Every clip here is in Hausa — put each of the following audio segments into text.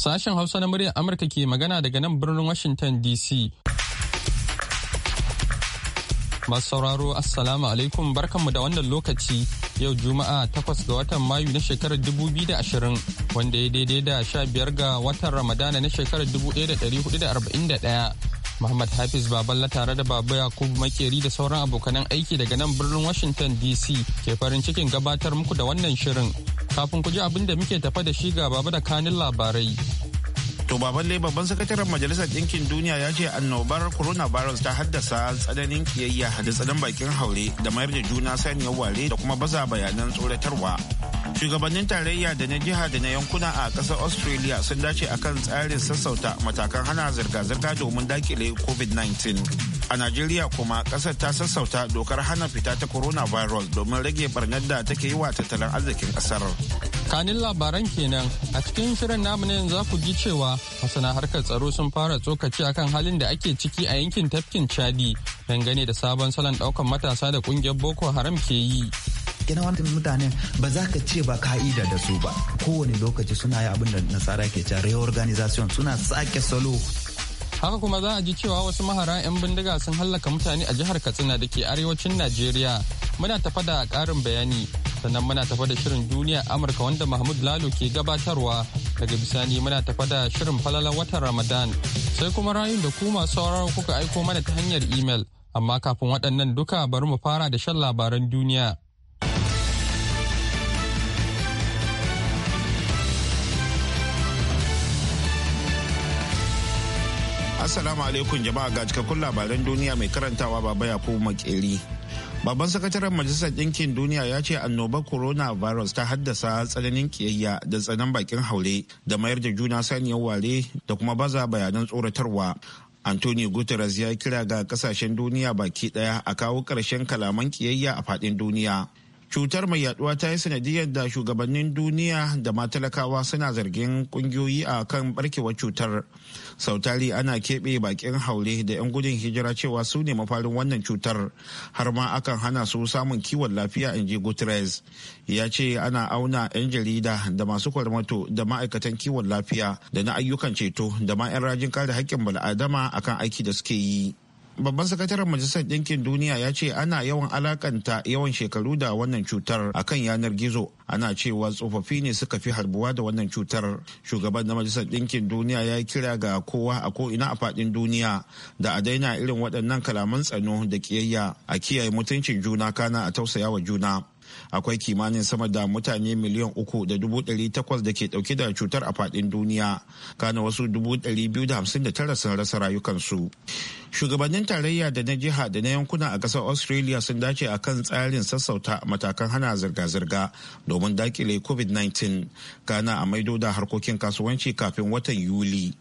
Sashen Hausa na muryar Amurka ke magana daga nan birnin Washington DC. Masu sauraro Assalamu alaikum barkanmu da wannan lokaci yau Juma'a takwas ga watan Mayu na shekarar 2020 wanda ya daidai da sha biyar ga watan Ramadana na shekarar ɗaya Muhammad Hafiz Baballa tare da Baba Yakubu Makeri da sauran abokanan aiki daga nan birnin Washington DC ke farin cikin gabatar muku da wannan shirin. Kafin ku ji abin da muke tafa da shi ga Baba da kanin labarai. To baban babban sakataren Majalisar Ɗinkin Duniya ya ce annobar coronavirus ta haddasa tsananin kiyayya da tsanan bakin haure da mayar da juna saniyar ware da kuma baza bayanan tsoratarwa. Shugabannin tarayya da na jiha da na yankuna a ƙasar Australia sun dace akan tsarin sassauta matakan hana zirga-zirga domin dakile COVID-19. A Najeriya kuma ƙasar ta sassauta dokar hana fita ta coronavirus domin rage barnar da take yi wa tattalin arzikin ƙasar. kanin labaran kenan a cikin shirin namu na yanzu ku ji cewa masana harkar tsaro sun fara tsokaci akan halin da ake ciki a yankin tafkin chadi dangane da sabon salon daukan matasa da kungiyar boko haram ke yi kina wani mutane ba za ka ce ba ka'ida da su ba kowane lokaci suna yi abin da nasara ke cewa reorganization suna sake salo haka kuma za a ji cewa wasu mahara 'yan bindiga sun hallaka mutane a jihar katsina da ke arewacin najeriya muna tafa da karin bayani sannan muna tafa da shirin duniya amurka wanda mahmud lalo ke gabatarwa daga bisani muna tafa da shirin falalan watan ramadan sai kuma rayun da ku masu sauraro kuka aiko mana ta hanyar imel amma kafin waɗannan duka bari mu fara da shan labaran duniya Assalamu alaikum jama'a ga cikakkun labaran duniya mai karantawa baba Yakubu Makeri. Babban sakataren Majalisar Ɗinkin Duniya ya ce annobar coronavirus ta haddasa tsananin kiyayya da tsanan bakin haure da mayar da juna saniyar ware da kuma baza bayanan tsoratarwa. Anthony Guterres ya kira ga kasashen duniya baki daya a kawo ƙarshen kalaman kiyayya a faɗin duniya. cutar mai yaduwa ta yi sanadiyar da shugabannin duniya da ma talakawa suna zargin kungiyoyi a kan barkewar cutar sautari ana keɓe bakin haure da 'yan gudun hijira cewa su ne mafarin wannan cutar har ma akan hana su samun kiwon lafiya in ji guterres ya ce ana auna 'yan jarida da masu kwarmato da ma'aikatan kiwon lafiya da na ayyukan ceto da ma 'yan rajin kare haƙƙin bal'adama akan aiki da suke yi babban sakataren majalisar ɗinkin duniya ya ce ana yawan alakanta yawan shekaru da wannan cutar kan yanar gizo ana cewa tsofaffi ne suka fi harbuwa da wannan cutar shugaban na majalisar ɗinkin duniya ya kira ga kowa a ko ina a faɗin duniya da a daina irin waɗannan kalaman tsano da ƙiyayya a kiyaye mutuncin juna kana a tausaya wa juna akwai kimanin sama da mutane miliyan uku da dubu ɗari takwas da ke ɗauke da cutar a faɗin duniya kana wasu dubu ɗari biyu da hamsin da tara sun rasa rayukansu shugabannin tarayya da na jiha da na yankuna a ƙasar australia sun dace a kan tsarin sassauta matakan hana zirga-zirga domin dakile covid-19 kana a maido da harkokin kasuwanci kafin watan yuli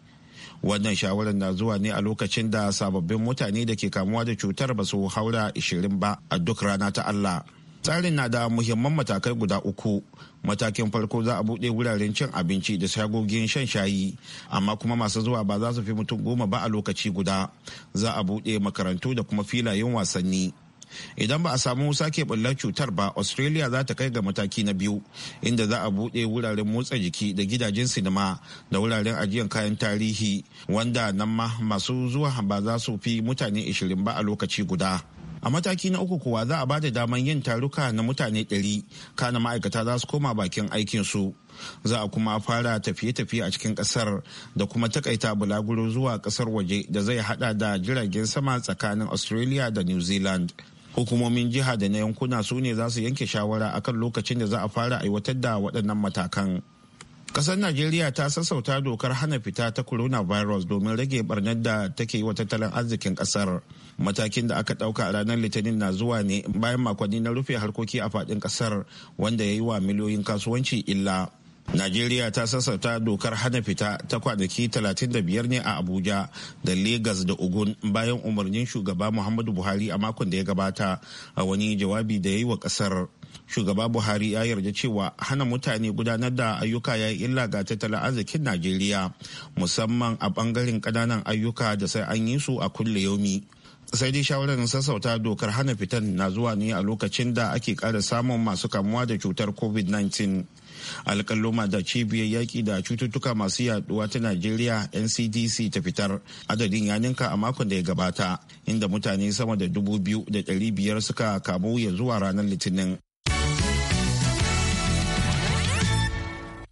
wannan shawarar na zuwa ne a lokacin da sababbin mutane da ke kamuwa da cutar ba su haura 20 ba a duk rana ta allah tsarin na da muhimman matakai guda uku matakin farko za a buɗe wuraren cin abinci da shagogin shan shayi amma kuma masu zuwa ba za su fi mutum goma ba a lokaci guda za a buɗe makarantu da kuma filayen wasanni idan ba a samu sake bullar cutar ba australia za ta kai ga mataki na biyu inda za a buɗe wuraren motsa jiki da gidajen sinima da wuraren ajiyar kayan tarihi wanda nan ma masu zuwa ba za su fi mutane 20 ba a lokaci guda a mataki na uku kuwa za a ba da daman yin taruka na mutane 100 kana ma'aikata za su koma bakin aikinsu za a kuma fara tafiye-tafiye a cikin kasar da kuma takaita bulaguro zuwa kasar waje da zai hada da jiragen sama tsakanin australia da new zealand hukumomin jiha da na yankuna su ne za su yanke shawara akan lokacin da za a fara aiwatar da waɗannan matakan Ƙasar najeriya ta sassauta dokar hana fita ta coronavirus domin rage barnar da take yi wa tattalin arzikin ƙasar. matakin da aka ɗauka a ranar litinin na zuwa ne bayan makonni na rufe harkoki a faɗin ƙasar wanda ya yi wa miliyoyin kasuwanci illa Najeriya ta sassauta dokar hana fita ta kwanaki 35 ne a Abuja da Legas da Ogun bayan umarnin shugaba Muhammadu Buhari a makon da ya gabata a wani jawabi da ya yi wa kasar. Shugaba Buhari ya yarda cewa hana mutane gudanar da ayyuka ya yi illa ga tattalin arzikin Najeriya musamman a bangaren ƙananan ayyuka da sai an yi su a kulle yomi. sai dai shawarar sassauta dokar hana fitan na zuwa ne a lokacin da ake kara samun masu kamuwa da cutar covid-19 alƙalluma da cibiyar yaƙi da cututtuka masu yaduwa ta najeriya ncdc ta fitar adadin ya ninka a makon da ya gabata inda mutane sama da dubu biyu da ɗari biyar suka kamu ya zuwa ranar litinin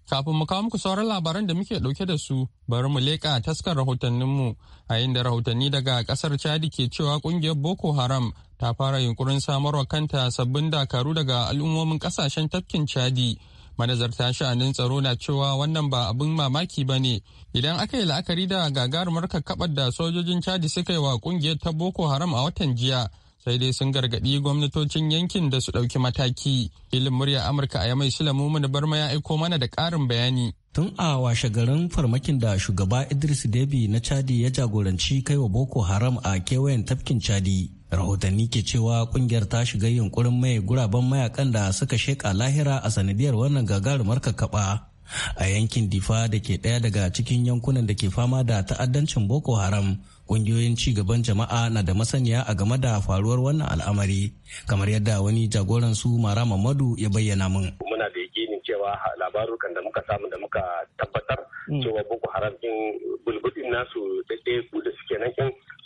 Kafin mu kawo muku sauran labaran da muke ɗauke da su bari mu leƙa taskar rahotanninmu a inda rahotanni daga ƙasar Chadi ke cewa ƙungiyar Boko Haram ta fara yunkurin samarwa kanta sabbin dakaru daga al'ummomin ƙasashen tafkin Chadi. Manazarta sha'anin tsaro na cewa wannan ba abin mamaki ba ne idan aka yi la'akari da gagarumar kakkaɓar da sojojin Chadi suka yi wa ƙungiyar ta Boko Haram a watan jiya. sai dai sun gargaɗi gwamnatocin yankin da su ɗauki mataki filin murya amurka a yamai sulamu mana barma ya aiko mana da ƙarin bayani tun a washe garin farmakin da shugaba idris debi na chadi ya jagoranci kai wa boko haram a kewayen tafkin chadi rahotanni ke cewa kungiyar ta shiga yunkurin mai guraben mayakan da suka sheka lahira a sanadiyar wannan gagarumar kakaba a yankin difa da ke ɗaya daga cikin yankunan da ke fama da ta'addancin boko haram Ƙungiyoyin ci gaban jama'a na da masaniya a game da faruwar wannan al'amari, kamar yadda wani jagoran su Mara Mamadu ya bayyana mun Muna da yakinin cewa labarukan da muka samu da muka tabbatar mm. cewa Boko Haram din bulbudin nasu da ɗaya da suke nan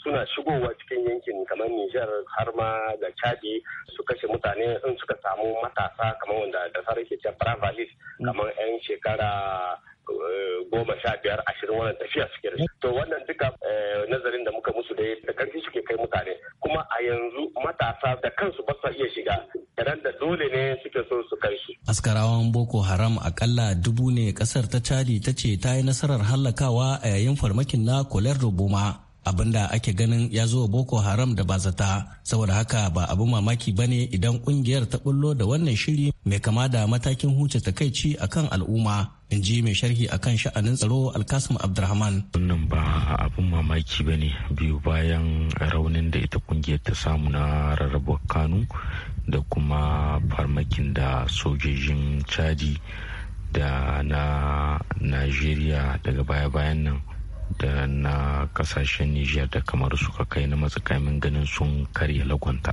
suna shigowa cikin yankin kamar Nijar har ma da Chadi su kashe mutane in suka samu matasa kamar wanda da sarar ke mm. kamar 'yan shekara goma sha biyar ashirin wannan tafiya suke da to wannan duka eh, nazarin da muka musu dai da karfi suke kai mutane kuma a yanzu matasa da kansu ba su iya shiga idan da dole ne suke so su kai su. askarawan boko haram akalla dubu ne kasar ta cadi ta ce ta yi nasarar hallakawa a yayin farmakin na kolar rubuma da ake ganin ya zo boko haram da bazata saboda haka ba abin mamaki ba ne idan kungiyar ta bullo da wannan shiri mai kama da matakin huce takaici akan al'umma in ji mai sharhi a kan sha'anin tsaro alkasim abdulrahman wannan ba abin mamaki ba ne biyu bayan raunin da ita kungiyar ta samu na rarrabuwar kanu da kuma farmakin da sojojin chadi da na nigeria daga baya-bayan nan da na kasashen niger da kamar suka kai na matsakamin ganin sun karya lagonta.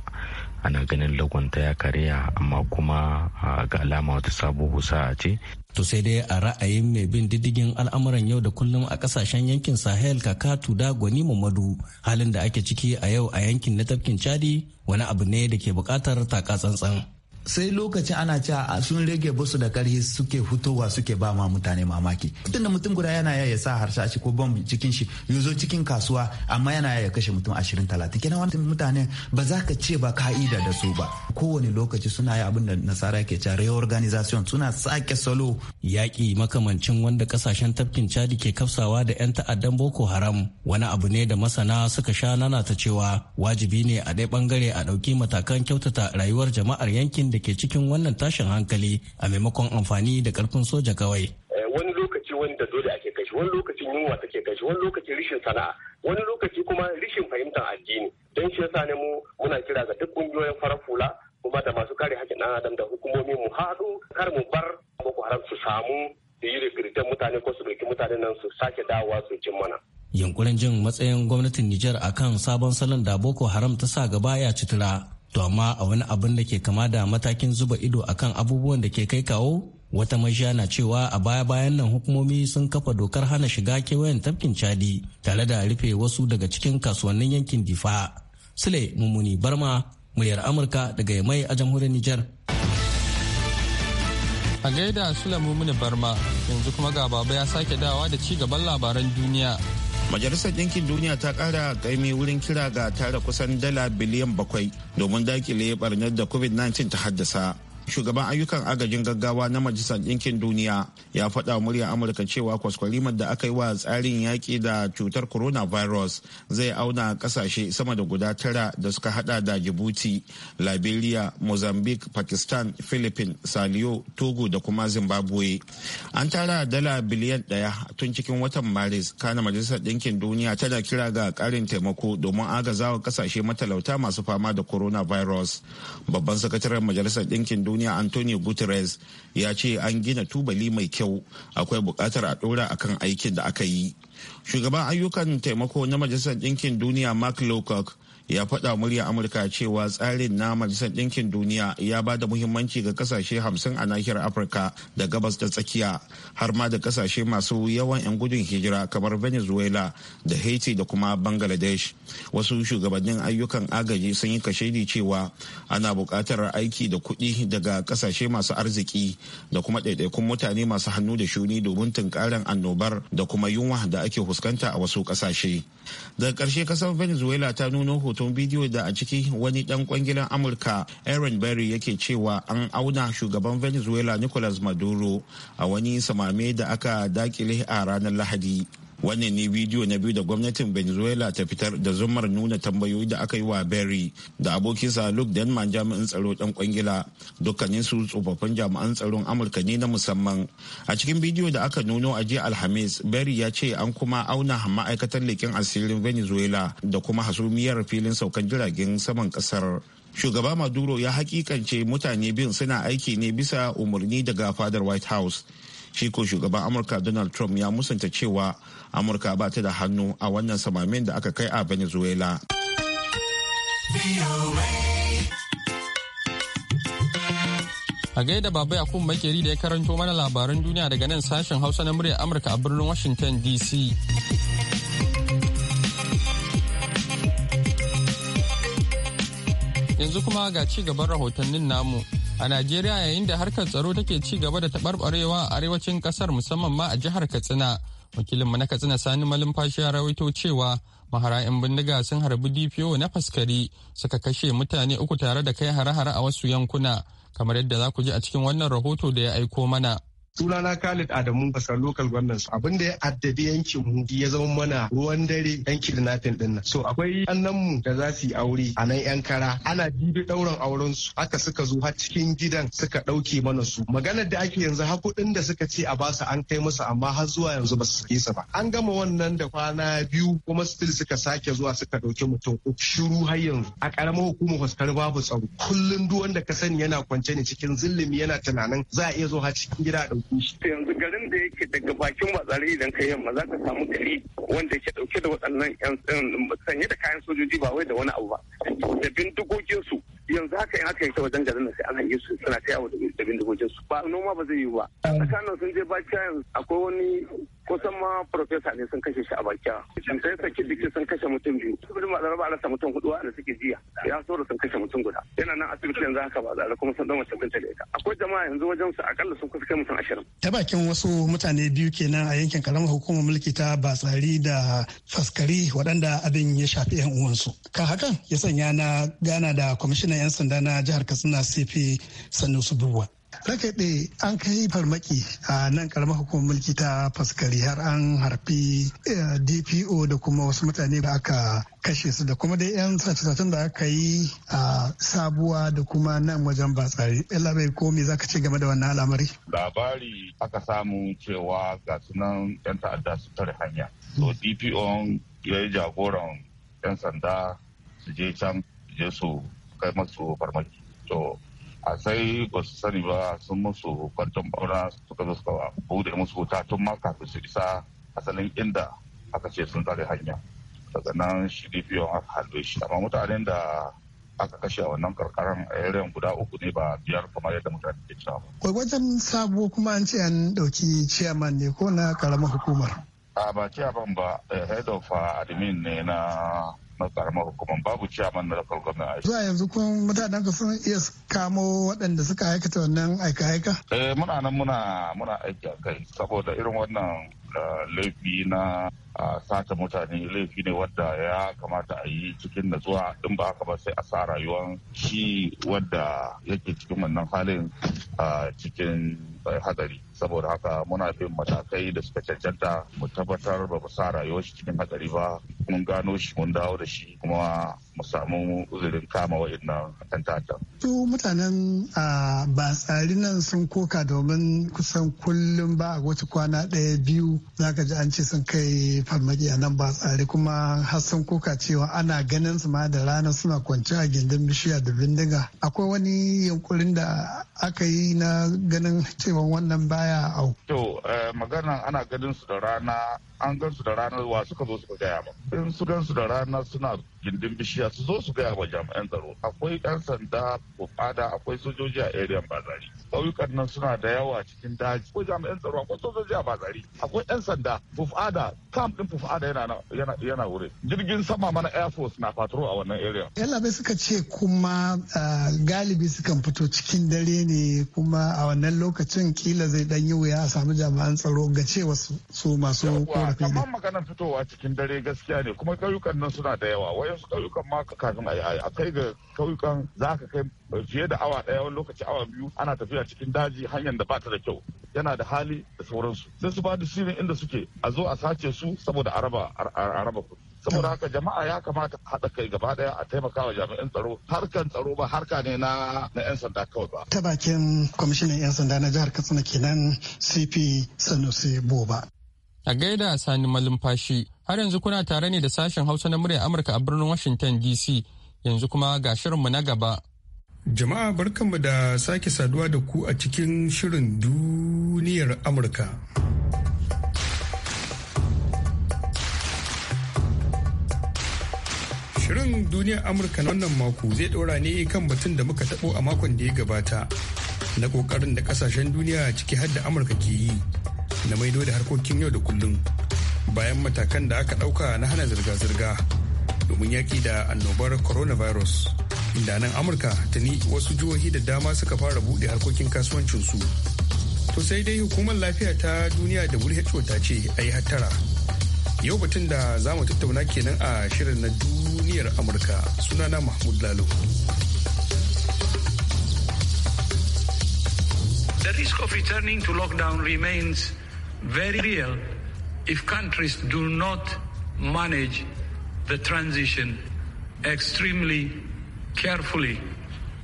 ana ganin lagonta ya karya amma kuma ga alama wata sabo husa ce to sai dai a ra'ayin mai bin diddigin al'amuran yau da kullum a kasashen yankin sahel kaka tuda gwani mamadu halin da ake ciki a yau a yankin na tafkin chadi wani abu ne da ke bukatar taka tsantsan sai lokaci ana cewa sun rage basu da karhi suke fitowa suke ba ma mutane mamaki tun da mutum guda yana ya sa shi ko bom cikin shi yazo cikin kasuwa amma yana ya kashe mutum ashirin talatin kenan wani mutane ba za ka ce ba ka'ida da su ba kowane lokaci suna yi abin da nasara ke cewa reorganization suna sake salo yaki makamancin wanda kasashen tafkin chadi ke kafsawa da 'yan ta'addan boko haram wani abu ne da masana suka sha nanata cewa wajibi ne a ɗaya bangare a ɗauki matakan kyautata rayuwar jama'ar yankin da da ke cikin wannan tashin hankali a maimakon amfani da karfin soja kawai. Eh, wani lokaci wanda dole ake kashi, wani lokacin yunwa take kashi, wani lokaci rishin sana'a, wani lokaci kuma rishin fahimtar addini. Don shi yasa ne mu muna kira ga duk ƙungiyoyin farar hula kuma da masu kare haƙƙin ɗan adam da hukumomi mu haɗu kar mu bar Boko Haram su samu da yi rigiritan mutane ko su ɗauki mutane nan su sake dawowa su cin mana. Yankunan jin matsayin gwamnatin Nijar akan sabon salon da Boko Haram ta sa gaba ya citira To amma a wani abin da ke kama da matakin zuba ido akan abubuwan da ke kai kawo wata majiya na cewa a baya-bayan nan hukumomi sun kafa dokar hana shiga kewayen tafkin Chadi tare da rufe wasu daga cikin kasuwannin yankin Difa. Sule Mumuni Barma, muryar Amurka daga Yamai a jamhuriyar Nijar. A gaida Sule Mumuni Barma, yanzu kuma ga baba ya sake dawa da ci gaban labaran duniya. Majalisar Ɗinkin Duniya ta ƙara ƙaimi wurin kira ga tara kusan dala biliyan bakwai domin dakile barnar da COVID-19 ta haddasa. shugaban ayyukan agajin gaggawa na majalisar ɗinkin duniya ya faɗa murya amurka cewa kwaskwalimar da aka yi wa tsarin yaƙi da cutar coronavirus zai auna ƙasashe sama da guda tara da suka hada da jibuti liberia mozambique pakistan philippines saliyo togo da kuma zimbabwe an tara dala biliyan ɗaya tun cikin watan maris kana majalisar ɗinkin duniya tana kira ga ƙarin taimako domin agazawa kasashe matalauta masu fama da coronavirus babban sakataren majalisar ɗinkin duniya duniya antonio guterres ya ce an gina tubali mai kyau akwai bukatar a dora akan aikin da aka yi shugaban ayyukan taimako na majalisar ɗinkin duniya mark lowcock ya faɗa murya amurka cewa tsarin na majalisar ɗinkin duniya ya ba da muhimmanci ga kasashe hamsin a nahiyar afirka da gabas da tsakiya har ma da kasashe masu yawan 'yan gudun hijira kamar venezuela da haiti da kuma bangladesh wasu shugabannin ayyukan agaji sun yi kashedi cewa ana buƙatar aiki da kuɗi daga kasashe masu arziki da kuma ɗaiɗaikun mutane masu hannu da shuni domin tunkarar annobar da kuma yunwa da ake fuskanta a wasu ƙasashe daga ƙarshe ƙasar venezuela ta nuno hoto hoton bidiyo da a ciki wani dan kwangilan amurka aaron berry yake cewa an auna shugaban venezuela nicolas maduro a wani samame da aka dakile a ranar lahadi wannan ne bidiyo na biyu da gwamnatin venezuela ta fitar da zumar nuna tambayoyi da aka yi wa berry da abokinsa luke denman jami'in tsaro dan kwangila dukkanin su tsofaffin jami'an tsaron amurka ne na musamman a cikin bidiyo da aka nuno a jiya alhamis berry ya ce an kuma auna ma'aikatar leƙen asirin venezuela da kuma hasumiyar filin saukan jiragen saman ƙasar shugaba maduro ya hakikance mutane bin suna aiki ne bisa umarni daga fadar white house shi ko shugaban amurka donald trump ya musanta cewa amurka ba ta da hannu a wannan samamin da aka kai a venezuela a gaida baba yakub makeri da ya karanto mana labaran duniya daga nan sashen hausa na muryar amurka a birnin washington dc yanzu kuma ga ci gaban rahotannin namu a najeriya yayin da harkar tsaro take ci gaba da taɓarɓarewa a arewacin ƙasar musamman ma a jihar katsina wakilinmu na katsina sani malumfashi ya rawaito cewa mahara bindiga sun harbi dpo na faskari suka kashe mutane uku tare da kai hare-hare a wasu yankuna kamar yadda za ku ji a cikin wannan rahoto da ya aiko mana sunana Khalid Adamu Basar local Gwamnati. abin da ya addabi yankin mu ya zama mana ruwan dare yan kidnapping din nan so akwai annan mu da za su yi aure a nan yan kara ana dibi dauran auren su haka suka zo har cikin gidan suka dauke mana su maganar da ake yanzu hakudin da suka ce a basu an kai musu amma har zuwa yanzu ba su sake ba an gama wannan da kwana biyu kuma still suka sake zuwa suka dauki mutum uku shiru har yanzu a karamar hukumar huskar babu tsaro kullum duk wanda ka sani yana kwance ne cikin zillimi yana tunanin za a iya zo har cikin gida a yanzu garin da yake daga bakin batsari idan ka yamma za ka samu gari wanda yake dauke da waɗannan yan sanye da kayan sojoji ba wai da wani abu ba da bindigogin su yanzu haka in aka yanke wajen garin da sai an hange su suna ta yawo da bindigogin su ba noma ba zai yi ba tsakanin sun je ba akwai wani kusan ma profesa ne sun kashe shi a bakiya sun kai sake duki sun kashe mutum biyu saboda ma zaraba alasta mutum hudu da suke jiya ya so da sun kashe mutum guda yana nan asibiti yanzu haka ba zara kuma sun dan mace binta da ita akwai jama'a yanzu wajen su akalla sun kusa kai mutum ashirin. ta bakin wasu mutane biyu kenan a yankin karamar hukumar mulki ta batsari da faskari waɗanda abin ya shafi yan uwansu kan hakan ya sanya na gana da kwamishinan yan sanda na jihar katsina cp sanusu buwa rakaɗe an kai farmaki a nan karamar hukumar mulki ta faskari har an harfi eh, dpo da kuma wasu mutane da aka kashe su da kuma dai 'yan sace-sacen da aka yi a sabuwa da kuma nan wajen batsari illa bai komi za ce game da wannan al'amari labari aka samu cewa ga sunan 'yan ta'adda su tare hanya to hmm. dpo ya yi jagoran 'yan sanda su je can su je su kai masu farmaki to a sai ba su sani ba sun musu kwanton baura suka zo suka bude musu wuta tun ma kafin su isa asalin inda aka ce sun tare hanya daga nan shi biyu aka halbe shi amma mutanen da aka kashe a wannan karkaran a guda uku ne ba biyar kamar yadda mutane ke cewa ba. wajen sabo kuma an ce an ɗauki chairman ne ko na karamar hukumar. a ba chairman ba eh, head of ah, admin ne na na karamar babu ciyaman na local government. Zuwa yanzu kun mutanen ka sun iya kamo waɗanda suka aikata wannan aika-aika? Eh muna nan muna muna aiki a kai saboda irin wannan eh, laifi na a sata mutane laifi ne wadda ya kamata a yi cikin natsuwa in ba haka ba sai a sa rayuwar shi wadda yake cikin wannan halin a cikin eh, hadari saboda haka muna bin matakai da suka cancanta mu tabbatar ba mu sa rayuwar shi cikin hadari ba mun gano shi mun dawo da shi kuma mu samu uzurin kama wa'annan tantata. su mutanen a ba tsari nan sun koka domin kusan kullum ba a wata kwana ɗaya biyu za ka ji an ce sun kai farmaki a nan ba tsari kuma har kuka cewa ana ganin su ma da rana suna kwance a gindin bishiya da bindiga akwai wani yunkurin da aka yi na ganin cewa wannan baya au to eh, maganan ana ganin su da rana an gan su da ranar wa suka zo suka gaya ba in su gan su da rana suna gindin bishiya su zo su gaya wa jami'an tsaro akwai yan sanda bada akwai sojoji a area bazari ƙauyukan nan suna da yawa cikin daji akwai jami'an tsaro akwai sojoji a bazari akwai yan sanda fufada camp din fufada yana yana yana wuri jirgin sama mana air force na patrol a wannan area yalla bai suka ce kuma ah, galibi suka fito cikin dare ne kuma a wannan lokacin kila zai dan yi wuya a samu jami'an tsaro ga cewa su masu a fili kamar maganar fitowa cikin dare gaskiya ne kuma ƙauyukan nan suna da yawa wayansu ƙauyukan ma kafin a kai ga ƙauyukan za ka kai fiye da awa ɗaya wani lokaci awa biyu ana tafiya cikin daji hanyar da bata da kyau yana da hali da sauransu sai su ba da shirin inda suke a zo a sace su saboda a raba kuɗi saboda haka jama'a ya kamata haɗa kai gaba ɗaya a taimaka wa jami'an tsaro harkan tsaro ba harka ne na na yan sanda kawai ba ta bakin kwamishinan yan sanda na jihar katsina kenan cp sanusi boba A gaida Sani Malumfashi, har yanzu kuna tare ne da sashen Hausa na muryar Amurka a birnin Washington DC, yanzu kuma ga shirinmu na gaba. Jama'a barkanmu da sake saduwa da ku a cikin shirin duniyar Amurka. Shirin duniyar Amurka na wannan mako zai ɗora ne kan batun da muka taɓo a makon da ya gabata na ƙoƙarin da ƙasashen duniya ciki har da Amurka ke yi. na maido da harkokin yau da kullum bayan matakan da aka ɗauka na hana zirga-zirga domin yaƙi da annobar coronavirus inda nan amurka ni wasu jihohi da dama suka fara buɗe harkokin kasuwancinsu to sai dai hukumar lafiya ta duniya da who ta ce a yi hattara yau batun da za mu tattauna kenan a shirin na duniyar amurka sunana mahmud lalo The risk of returning to lockdown remains very real if countries do not manage the transition extremely carefully.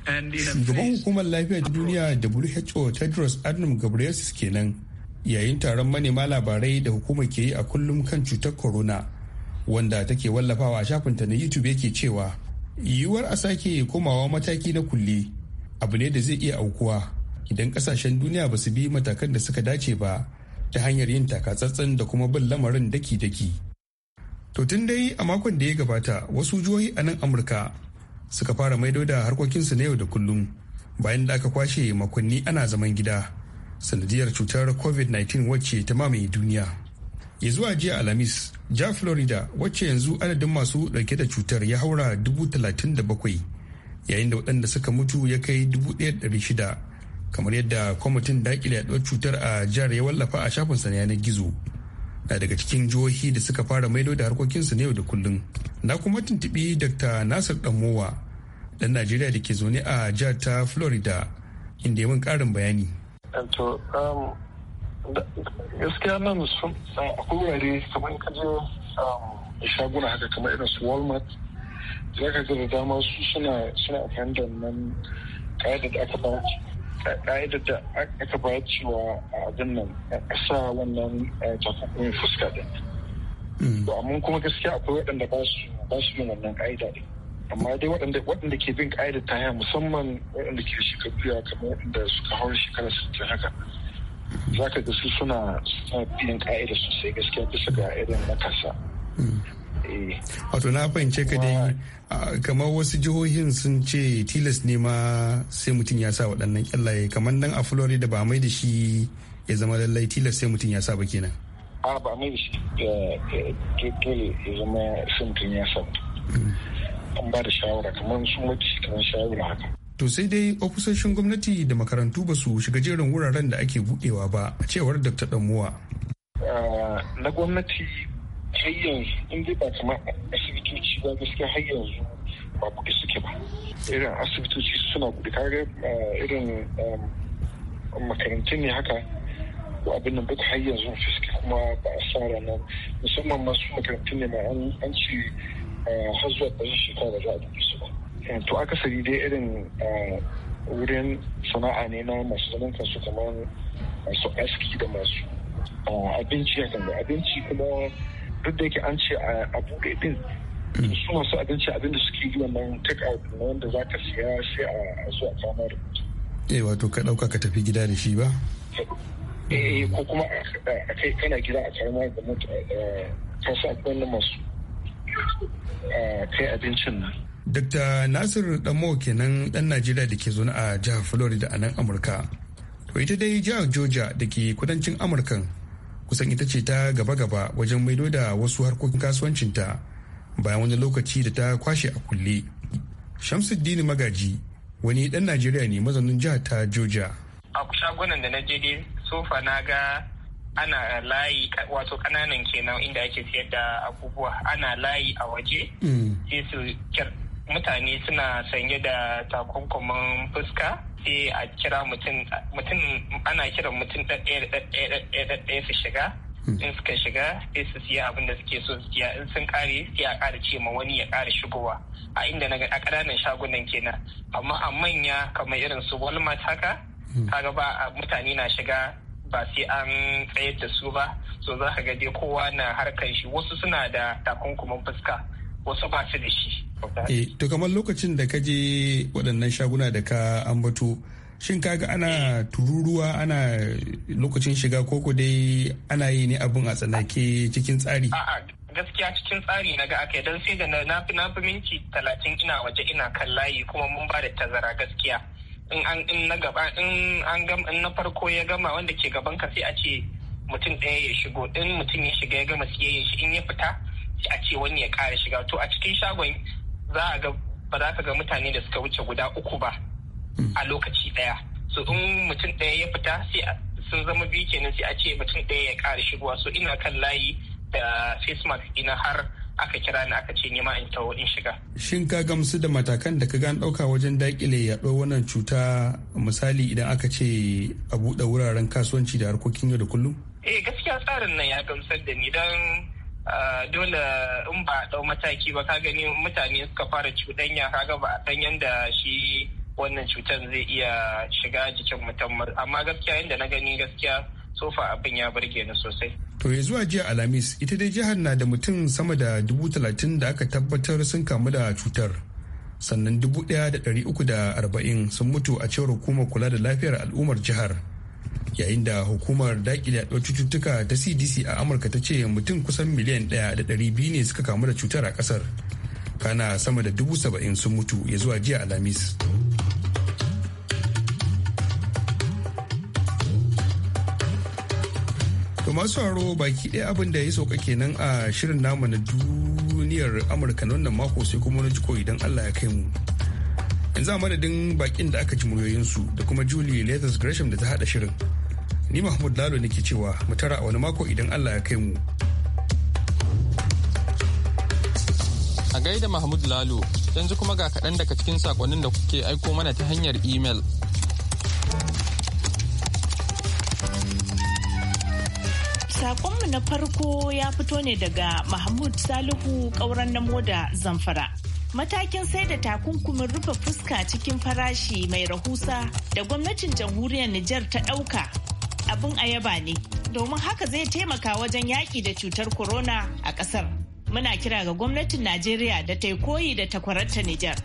Shugaban hukumar lafiya ta duniya WHO Tedros Adnum Ghebreyesus kenan yayin taron manema labarai da hukumar ke yi a kullum kan cutar corona wanda take wallafawa a shafinta na YouTube yake cewa yiwuwar a sake komawa mataki na kulle abu ne da zai iya aukuwa idan kasashen duniya ba su bi matakan da suka dace ba ta hanyar yin takatsantsan da kuma bin lamarin daki-daki. To tun dai a makon da ya gabata wasu jihohi a nan Amurka suka fara maido da harkokinsu na yau da kullum bayan da aka kwashe makonni ana zaman gida sanadiyar cutar covid-19 wacce ta mamaye duniya. Ya zuwa jiya Alhamis, ja Florida wacce yanzu adadin masu ɗauke da cutar ya haura dubu talatin da bakwai yayin da waɗanda suka mutu ya kai dubu ɗaya shida. kamar yadda kwamitin daƙile yaduwar cutar a jihar ya wallafa a shafinsa na yanar gizo na daga cikin jihohi da suka fara maido da harkokinsu na yau da kullum na kuma tuntuɓi dr nasir damowa ɗan najeriya da ke zaune a jihar ta florida inda ya min ƙarin bayani um, gaskiya nan sun um, akwai wurare kamar ka je um, shaguna haka kamar irin su walmart za ka ga da dama su suna amfani da nan kayan da aka ba ƙa'idar da aka bayar cewa a abin nan a wannan eh, takunkumin fuska din. Mm. To amma kuma gaskiya akwai waɗanda ba su ba su yin wannan ƙa'ida din. Amma dai waɗanda ke bin ƙa'idar ta haya musamman waɗanda ke shekaru kamar waɗanda suka hau shekara sittin haka. Za ka ga su suna biyan ƙa'ida sosai gaskiya bisa ga irin matasa. Mm. Eh. wato na fahimce ka dai kamar wasu jihohin sun ce tilas ne ma sai mutum ya sa waɗannan kyallaye kamar nan a florida ba mai da shi ya zama lallai tilas sai mutum ya sa ba kenan a ba mai da shi eh, eh, dole ya zama sai mutum ya sa an ba da shawara kamar sun mace kamar shawara haka to sai dai ofisoshin gwamnati da makarantu ba su shiga jerin wuraren da ake budewa ba a cewar dr damuwa na gwamnati har yanzu in dai ba kamar asibitoci ba gaskiya har yanzu ba buɗe suke ba irin asibitoci suna buɗe kare eh, irin eh, makarantun ne haka ko abin nan duka har yanzu fiske kuma ba a sa ranar musamman masu makarantun ne ma an ci eh, har zuwa ɗari shekara za a dubi su ba to akasari dai irin wurin sana'a ne na masu zaman kansu kamar masu aski da masu abinci ya da abinci kuma duk da yake an ce a buɗe ɗin, hmm. su masu abinci abin da suke yi wannan take out wanda za ka siya sai a zuwa kamar eh wato ka ɗauka ka tafi gida da shi ba eh ko kuma a kai kana gida a kamar da mutu ka sa kwanan masu kai abincin nan Dr. Nasir Damo kenan ɗan Najeriya da ke zaune a jihar Florida a nan Amurka. To ita dai jihar Georgia da ke kudancin Amurkan kusan ita ce ta gaba-gaba wajen maido da wasu harkokin kasuwancinta bayan wani lokaci da ta kwashe a kulle. Shamsuddin Magaji wani ɗan Najeriya ne mazaunin jihar ta Joja. A shagunan da na je dai sofa na ga ana layi wato kananan kenan inda ake siyar da abubuwa ana layi a waje mm. sai mutane suna sanye da takunkumin fuska sai a kira mutum mutum ana kiran mutum ɗaɗɗaya su shiga hmm. in suka shiga sai su siya abin da suke so su siya in sun kare sai a kara ce ma wani ya kara shigowa a inda na a ƙananan shagunan kenan amma a manya kamar irin su walmart haka hmm. kaga ba mutane na shiga ba sai an tsayar da su ba so za ka ga dai kowa na harkar shi wasu suna da takunkumin fuska wasu ba su da shi Eh, to kamar lokacin da ka je waɗannan shaguna da ka ambato shin ka ga ana tururuwa ana lokacin shiga koko dai ana yi ne abin a tsanake cikin tsari? gaskiya cikin tsari na ga aka don sai da na fi minti talatin ina waje ina kan layi kuma mun ba da tazara gaskiya in an in na gaba in an gam in na farko ya gama wanda ke gaban ka sai a ce mutum ɗaya ya shigo in mutum ya shiga ya gama sai ya shi in ya fita sai a ce wani ya ƙara shiga to a cikin shagon za a ga ba za ka ga mutane da suka wuce guda uku ba a lokaci ɗaya so in mutum ɗaya ya fita sai sun zama biyu kenan sai a ce mutum ɗaya ya ƙara shigowa so ina kan layi da face mask ina har aka kira ni aka ce nema in tawo in shiga. Shin ka gamsu da matakan da ka gan ɗauka wajen daƙile yaɗo wannan cuta misali idan aka ce a buɗe wuraren kasuwanci da harkokin yau da kullum? Eh gaskiya tsarin nan ya gamsar da ni don Eh, dole in ba a ɗau mataki ba ka gani mutane suka fara cuɗanya kaga ba a san yadda shi wannan cutar zai iya shiga jikin mutum amma gaskiya yadda na gani gaskiya sofa abin ya burge ni sosai. To ya zuwa jiya Alhamis ita dai jihar na da mutum sama da dubu talatin da aka tabbatar sun kamu da cutar. Sannan dubu ɗaya da ɗari uku da arba'in sun mutu a cewar hukumar kula da lafiyar al'ummar jihar. yayin da hukumar daƙile yaɗuwar cututtuka ta cdc a amurka ta ce mutum kusan miliyan ɗaya da ɗari biyu ne suka kamu da cutar a ƙasar kana sama da dubu saba'in sun mutu ya zuwa jiya alhamis to masu haro baki ɗaya abin da ya sauka kenan a shirin namu na duniyar amurka na wannan mako sai kuma wani jiko idan allah ya kai mu yanzu a madadin bakin da aka ji muryoyinsu da kuma julie leathers gresham da ta hada shirin ni mahmud lalo nake cewa mu tara a wani mako idan allah ya kai mu a gaida mahmud lalo yanzu kuma ga kaɗan daga cikin sakonnin da kuke aiko mana ta hanyar imel Sakonmu na farko ya fito ne daga Mahmud Salihu ƙauren na moda zamfara. matakin sai da takunkumin rufe fuska cikin farashi mai rahusa da gwamnatin jamhuriyar Nijar ta ɗauka abin ayaba ne domin haka zai taimaka wajen yaƙi da cutar corona a ƙasar. Muna kira ga gwamnatin Najeriya da ta koyi da takwararta Nijar.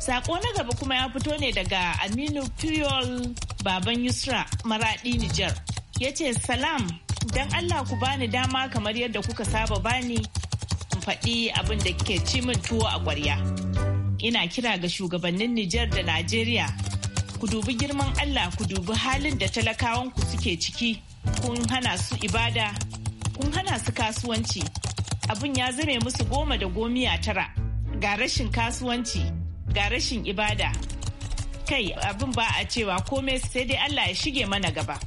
Saƙo na gaba kuma ya fito ne daga Aminu Puyol Baban Yusra Maraɗi Nijar. Ya ce, Salam, don Allah ku bani dama kamar yadda kuka saba bani faɗi abin da ke ci min tuwo a ƙwarya. Ina kira ga shugabannin Nijar da Najeriya, ku dubi girman Allah ku dubi halin da talakawanku suke ciki, kun hana su ibada, kun hana su kasuwanci. Abin ya zame musu goma da gomiya tara, ga rashin kasuwanci, ga rashin ibada. Kai abin ba a cewa komai sai dai Allah ya shige mana gaba.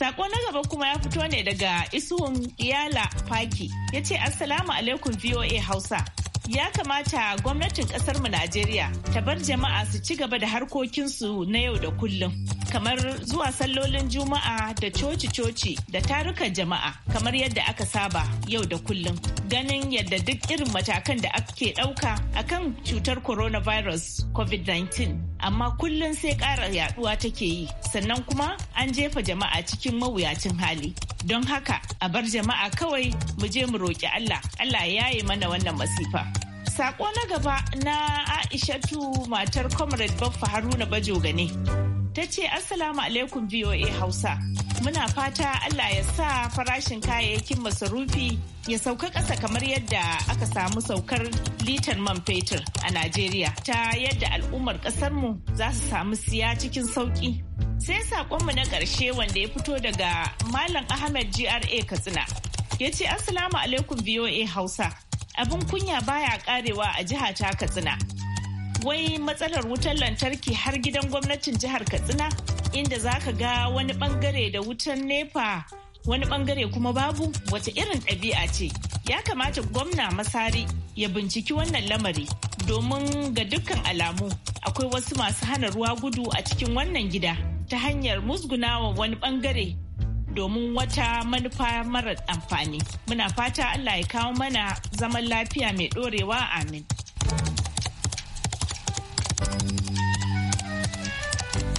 Sako na gaba kuma ya fito ne daga Isuhun Iyala Faki. Ya ce Assalamu alaikum VOA Hausa. ya kamata gwamnatin mu Najeriya ta bar jama'a su ci gaba da harkokinsu na yau da kullum. Kamar zuwa sallolin juma'a da coci-coci da tarukan jama'a kamar yadda aka saba yau da kullum. Ganin yadda duk irin matakan da ake ɗauka a kan cutar coronavirus COVID-19 amma kullum sai ƙara yaɗuwa take yi sannan kuma an jefa jama'a cikin mawuyacin hali. Don haka a bar jama'a kawai mu je mu roƙi Allah, Allah ya yi mana wannan masifa. Sako na gaba na Aishatu matar Comrade Baffa Haruna Bajogane, ne. Ta ce Assalamu alaikum VOA Hausa. muna fata Allah ya sa farashin kayayyakin masarufi ya sauka ƙasa kamar yadda aka samu saukar litar man fetur a Najeriya ta yadda al'ummar ƙasarmu za su samu siya cikin sauƙi. Sai saƙonmu na ƙarshe wanda ya fito daga Malam Ahmed GRA Katsina. Ya ce Assalamu alaikum VOA Hausa. Abin kunya baya karewa a jiha ta Katsina. wai matsalar wutar lantarki har gidan gwamnatin jihar katsina inda za ka ga wani bangare da wutan nepa wani bangare kuma babu wata irin ɗabi'a ce ya kamata gwamna masari ya binciki wannan lamari domin ga dukkan alamu akwai wasu masu hana ruwa gudu a cikin wannan gida ta hanyar musgunawa wani bangare domin wata manufa mara amfani muna fata allah ya kawo mana zaman lafiya mai dorewa amin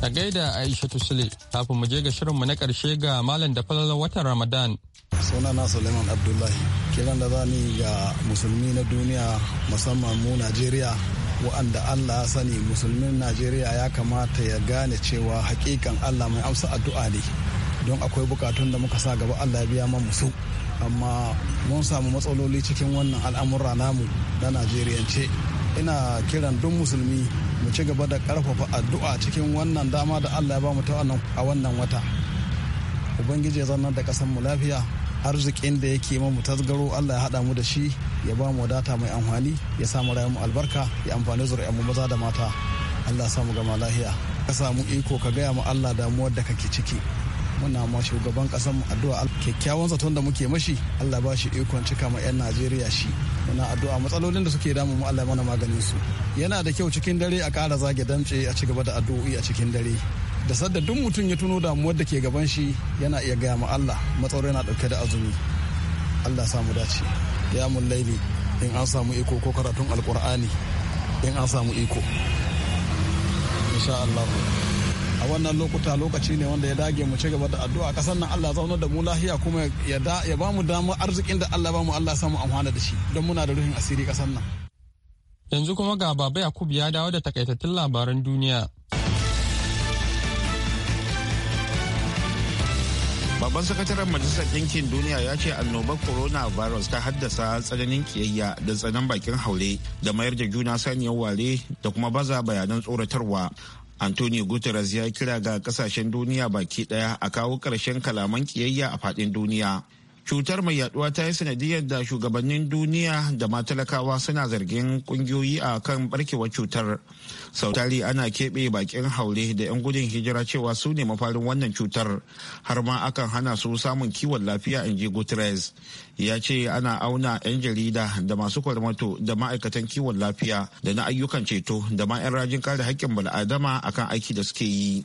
A gaida Aisha Tusile, kafin mu je ga mu na karshe ga Malam da falalar watan Ramadan. Sunana Suleiman Abdullahi, kiran da za ga musulmi na duniya musamman mu Najeriya wa'anda Allah ya sani musulmin Najeriya ya kamata ya gane cewa hakikan Allah mai amsa addu'a ne don akwai bukatun da muka sa gaba Allah ya biya man musu amma mun samu matsaloli cikin wannan al'amura namu na Najeriyance ina kiran duk musulmi mu ci gaba da karfafa addu'a cikin wannan dama da allah ya ba mu ta a wannan wata ubangiji ya zannar da ƙasar mu lafiya arzikin da yake mu tasgaro allah ya haɗa mu da shi ya ba mu wadata mai amfani ya sa mu albarka ya amfani zuri'an mu maza da mata allah ya samu gama lahiya ka samu iko ka gaya mu allah damuwar da kake ciki muna ma shugaban kasan mu addu'a kyakkyawan zaton da muke mashi Allah ba shi ikon cika ma 'yan Najeriya shi muna addu'a matsalolin da suke damu mu Allah mana maganin su yana da kyau cikin dare a ƙara zage damce a ci gaba da addu'o'i a cikin dare da sadda duk mutum ya tuno damuwar da ke gaban shi yana iya gaya ma Allah matsaro yana ɗauke da azumi Allah samu dace ya mun laili in an samu iko ko karatun alkur'ani in an samu iko insha Allah a wannan lokuta lokaci ne wanda ya dage mu ci gaba da addu'a kasan nan Allah zaunar da mu lafiya kuma ya da ya ba mu damar arzikin da Allah ba mu Allah samu amfana da shi don muna da ruhin asiri kasan nan yanzu kuma ga baba Yakub ya dawo da takaitattun labaran duniya Babban sakataren Majalisar Ɗinkin Duniya ya ce annobar coronavirus ta haddasa tsananin kiyayya da tsanan bakin haure da mayar da juna saniyar ware da kuma baza bayanan tsoratarwa antonio guterres ya kira ga kasashen duniya baki daya a kawo ƙarshen kalaman kiyayya a faɗin duniya cutar mai yaduwa ta yi sanadiyar da shugabannin duniya da matalakawa suna zargin kungiyoyi a kan barkewar cutar sautari ana keɓe bakin haure da 'yan gudun hijira cewa su ne mafarin wannan cutar har ma akan hana su samun kiwon lafiya in ji guterres ya ce ana auna 'yan jarida da masu kwarmato da ma'aikatan kiwon lafiya da na ayyukan ceto da ma 'yan rajin kare haƙƙin bal'adama akan aiki da suke yi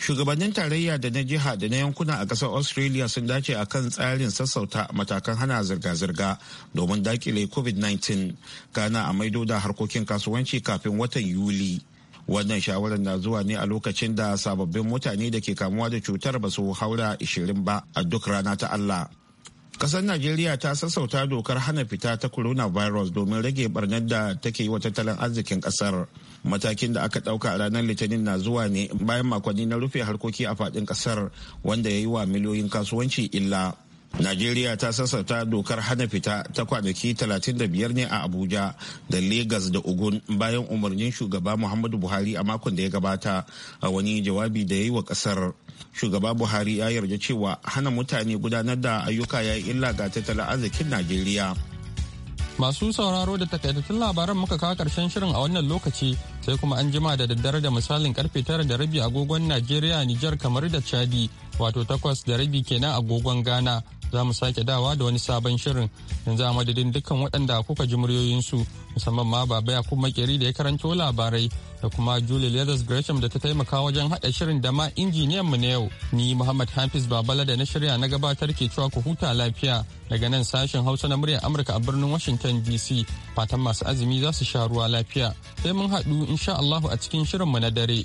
shugabannin tarayya da na jiha da na yankuna a ƙasar australia sun dace a kan tsarin sassauta matakan hana zirga-zirga domin dakile covid-19 gana a maido da harkokin kasuwanci kafin watan yuli wannan shawarar na zuwa ne a lokacin da sababbin mutane da ke kamuwa da cutar ba su haura 20 ba a duk rana ta allah kasar najeriya ta sassauta dokar hana fita ta coronavirus domin rage barnar da take yi wa tattalin arzikin kasar matakin da aka ɗauka a ranar litinin na zuwa ne bayan makonni na rufe harkoki a fadin kasar wanda ya yi wa miliyoyin kasuwanci illa Najeriya ta sassauta dokar hana fita ta kwanaki 35 ne a Abuja da Legas da Ogun bayan umarnin shugaba Muhammadu Buhari a makon da ya gabata a wani jawabi da ya yi wa kasar. Shugaba Buhari ya yarda cewa hana mutane gudanar da ayyuka ya yi illa ga tattalin arzikin Najeriya. Masu sauraro da takaitattun labaran muka kawo karshen shirin a wannan lokaci sai kuma an jima da daddare da misalin karfe tara da rabi agogon Najeriya Nijar kamar da Chadi wato takwas da rabi kenan agogon Ghana za mu sake dawa da wani sabon shirin yanzu a madadin dukkan waɗanda kuka ji muryoyinsu musamman ma baba ya kuma makeri da ya karanto labarai da kuma julie leathers gresham da ta taimaka wajen haɗa shirin da ma injiniyan mu na yau ni muhammad hafiz babala da na shirya na gabatar ke cewa ku huta lafiya daga nan sashen hausa na muryar amurka a birnin washington dc fatan masu azumi za su sha ruwa lafiya sai mun haɗu insha allahu a cikin shirin mu na dare.